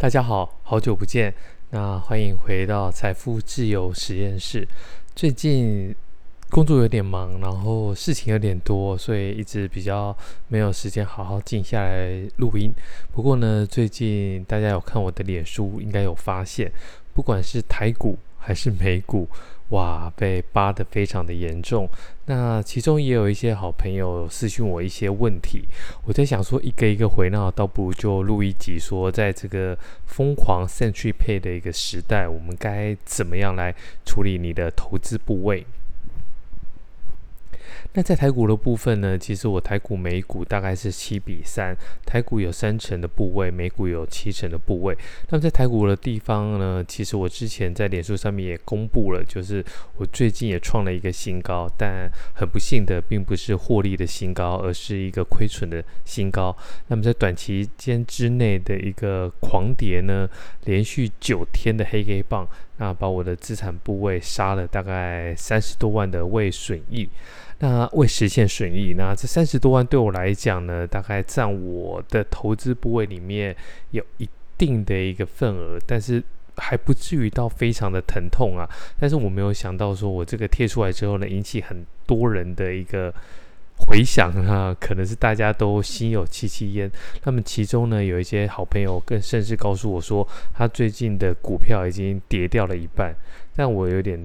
大家好，好久不見，那歡迎回到財富自由實驗室。最近工作有點忙，然後事情有點多，所以一直比較沒有時間好好靜下來錄音。不過呢，最近大家有看我的臉書，應該有發現，不管是台股還是美股。哇，被巴得非常的嚴重。那其中也有一些好朋友私訊我一些問題，我在想說，一個一個回鬧，那倒不如就錄一集說，在這個瘋狂 p a 配的一個時代，我們該怎麼樣來處理你的投資部位？那在台股的部分呢？其實我台股美股大概是七比三，台股有三成的部位，美股有七成的部位。那麼在台股的地方呢？其實我之前在臉書上面也公布了，就是我最近也創了一個新高，但很不幸的，並不是獲利的新高，而是一個虧損的新高。那麼在短期間之內的一個狂跌呢，連續九天的黑 K 棒。那把我的資產部位殺了大概三十多萬的未損益，那未實現損益，那這三十多萬對我來講呢，大概占我的投資部位裡面有一定的一個份額，但是還不至於到非常的疼痛啊。但是我沒有想到說我這個貼出來之後呢，引起很多人的一個。回想哈、啊，可能是大家都心有戚戚焉。那麼其中呢，有一些好朋友更甚至告訴我說，他最近的股票已經跌掉了一半，但我有點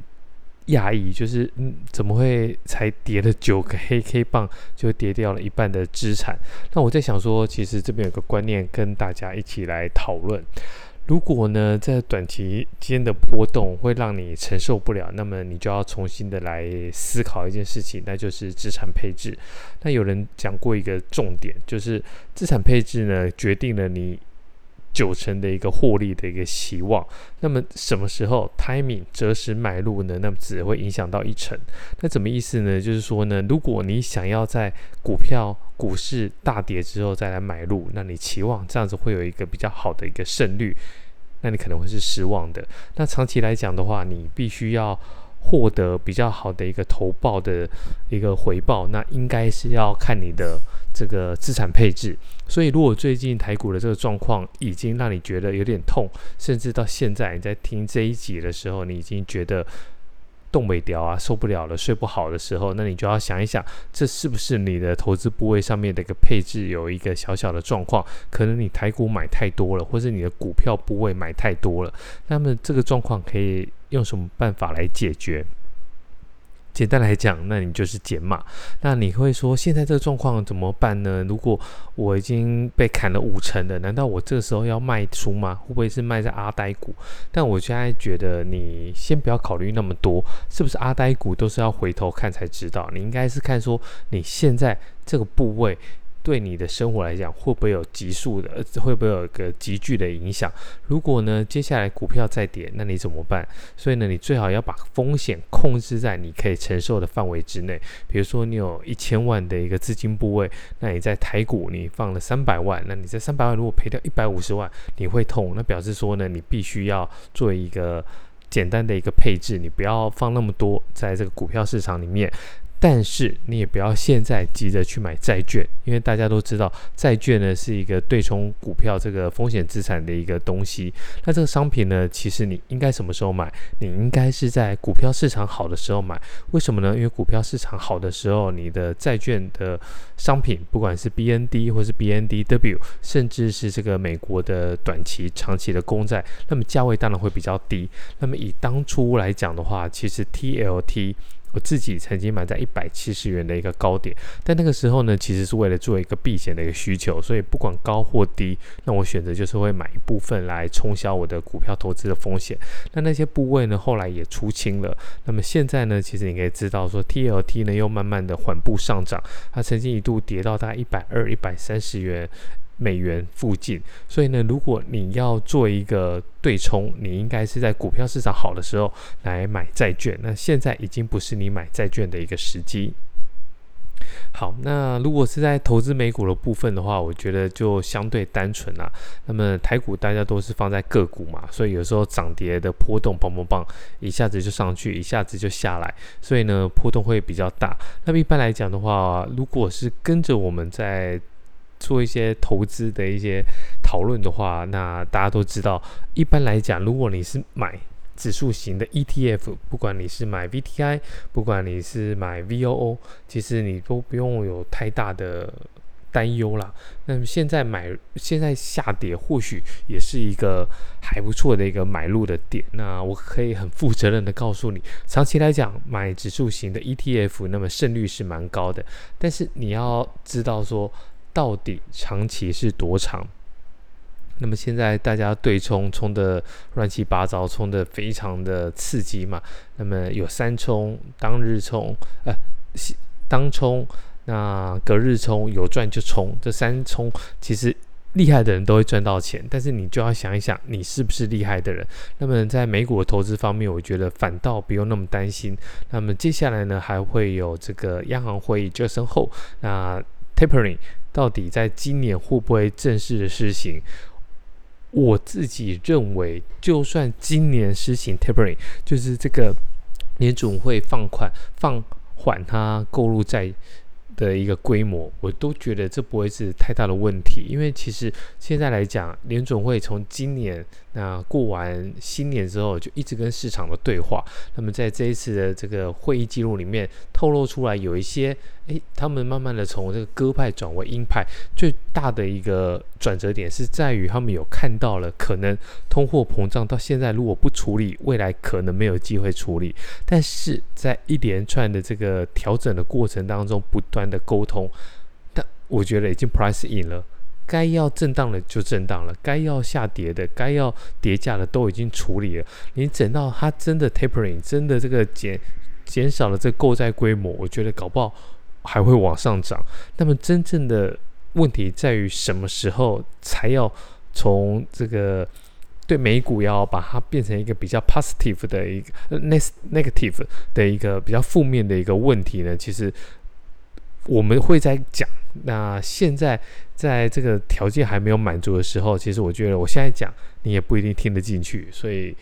訝異，就是、嗯、怎麼會才跌了九個黑 K 棒就跌掉了一半的資產？那我在想說，其實這邊有個觀念跟大家一起來討論。如果呢，在短期間的波動會讓你承受不了，那麼你就要重新的來思考一件事情，那就是資產配置。那有人講過一個重點，就是資產配置呢，決定了你。九成的一個獲利的一個期望，那麼什麼時候 timing 擇時買入呢？那麼只會影響到一成，那怎麼意思呢？就是說呢，如果你想要在股票股市大跌之後再來買入，那你期望這樣子會有一個比較好的一個勝率，那你可能會是失望的。那長期來講的話，你必須要。獲得比較好的一個投報的一個回報，那應該是要看你的這個資產配置。所以，如果最近台股的這個狀況已經讓你覺得有點痛，甚至到現在你在聽這一集的時候，你已經覺得。動不掉啊，受不了了，睡不好的時候，那你就要想一想，這是不是你的投資部位上面的一個配置有一個小小的狀況？可能你台股買太多了，或是你的股票部位買太多了，那麼這個狀況可以用什麼辦法來解決？簡單來講，那你就是減碼。那你會說，現在這個狀況怎麼辦呢？如果我已經被砍了五成了，難道我這時候要賣出嗎？會不會是賣在阿呆股？但我現在覺得，你先不要考慮那麼多，是不是阿呆股都是要回頭看才知道。你應該是看說，你現在這個部位。對你的生活來講，會不會有急速的，會不會有一個急劇的影響？如果呢，接下來股票再跌，那你怎麼辦？所以呢，你最好要把風險控制在你可以承受的範圍之內。比如說，你有一千萬的一個資金部位，那你在台股你放了三百萬，那你在三百萬如果賠掉一百五十萬，你會痛，那表示說呢，你必須要做一個簡單的一個配置，你不要放那麼多在這個股票市場裡面。但是你也不要現在急着去買債券，因為大家都知道，債券呢是一個對沖股票這個風險資產的一個東西。那這個商品呢，其實你應該什麼時候買？你應該是在股票市場好的時候買。為什麼呢？因為股票市場好的時候，你的債券的商品，不管是 BND 或是 BNDW，甚至是這個美國的短期、長期的公債，那麼價位當然會比較低。那麼以當初來講的話，其實 TLT。我自己曾經買在一百七十元的一個高點，但那個時候呢，其實是為了做一個避險的一個需求，所以不管高或低，那我選擇就是會買一部分來沖銷我的股票投資的風險。那那些部位呢，後來也出清了。那麼現在呢，其實你可以知道說，TLT 呢又慢慢的緩步上漲，它曾經一度跌到大概一百二、一百三十元。美元附近，所以呢，如果你要做一個對沖，你應該是在股票市場好的時候來買債券。那現在已經不是你買債券的一個時機。好，那如果是在投資美股的部分的話，我覺得就相對單純啦、啊。那麼台股大家都是放在個股嘛，所以有時候漲跌的波動，砰砰砰，一下子就上去，一下子就下來，所以呢，波動會比較大。那麼一般來講的話，如果是跟着我們在做一些投資的一些討論的話，那大家都知道，一般來講，如果你是買指數型的 ETF，不管你是買 VTI，不管你是買 VOO，其實你都不用有太大的擔憂啦。那麼現在買，現在下跌或許也是一個還不錯的一個買入的點。那我可以很負責任的告訴你，長期來講，買指數型的 ETF，那麼勝率是蠻高的。但是你要知道說。到底長期是多長？那麼現在大家對沖沖的亂七八糟，沖得非常的刺激嘛。那麼有三沖，當日沖呃，當沖，那隔日沖，有賺就沖。這三沖其實厲害的人都會賺到錢，但是你就要想一想，你是不是厲害的人？那麼在美股的投資方面，我覺得反倒不用那麼擔心。那麼接下來呢，還會有這個央行會議就升息後，那 tapering。到底在今年會不會正式的施行？我自己認為，就算今年施行 tapering，就是這個聯準會放款放緩，它購入在。的一個規模，我都覺得這不會是太大的問題，因為其實現在來講，聯準會從今年那過完新年之後，就一直跟市場的對話。那麼在這一次的這個會議記錄裡面透露出來，有一些誒他們慢慢的從這個鴿派轉為鷹派，最大的一個轉折點是在於他們有看到了可能通貨膨脹到現在如果不處理，未來可能沒有機會處理。但是在一連串的這個調整的過程當中，不斷。的溝通，但我覺得已經 price in 了，該要震盪的就震盪了，該要下跌的、該要跌價的都已經處理了。你整到它真的 tapering，真的這個減減少了這個購債規模，我覺得搞不好還會往上漲。那麼真正的問題在於什麼時候才要從這個對美股要把它變成一個比較 positive 的一個 negative 的一個比較負面的一個問題呢？其實。我們會再講，那現在在這個條件還沒有滿足的時候，其實我覺得我現在講你也不一定聽得進去。所以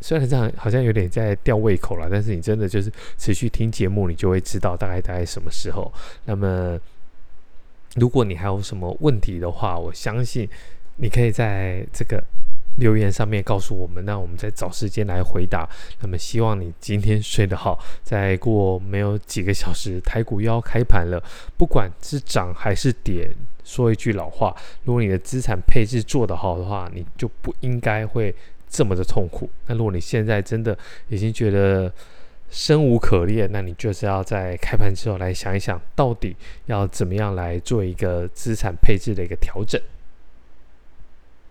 雖然這樣好像有點在吊胃口了，但是你真的就是持續聽節目，你就會知道大概大概什麼時候。那麼如果你還有什麼問題的話，我相信你可以在這個。留言上面告訴我們，那我們再找時間來回答。那麼希望你今天睡得好，再過沒有幾個小時，台股又要開盤了。不管是漲還是跌，說一句老話，如果你的資產配置做得好的話，你就不應該會這麼的痛苦。那如果你現在真的已經覺得生無可戀，那你就是要在開盤之後來想一想到底要怎麼樣來做一個資產配置的一個調整。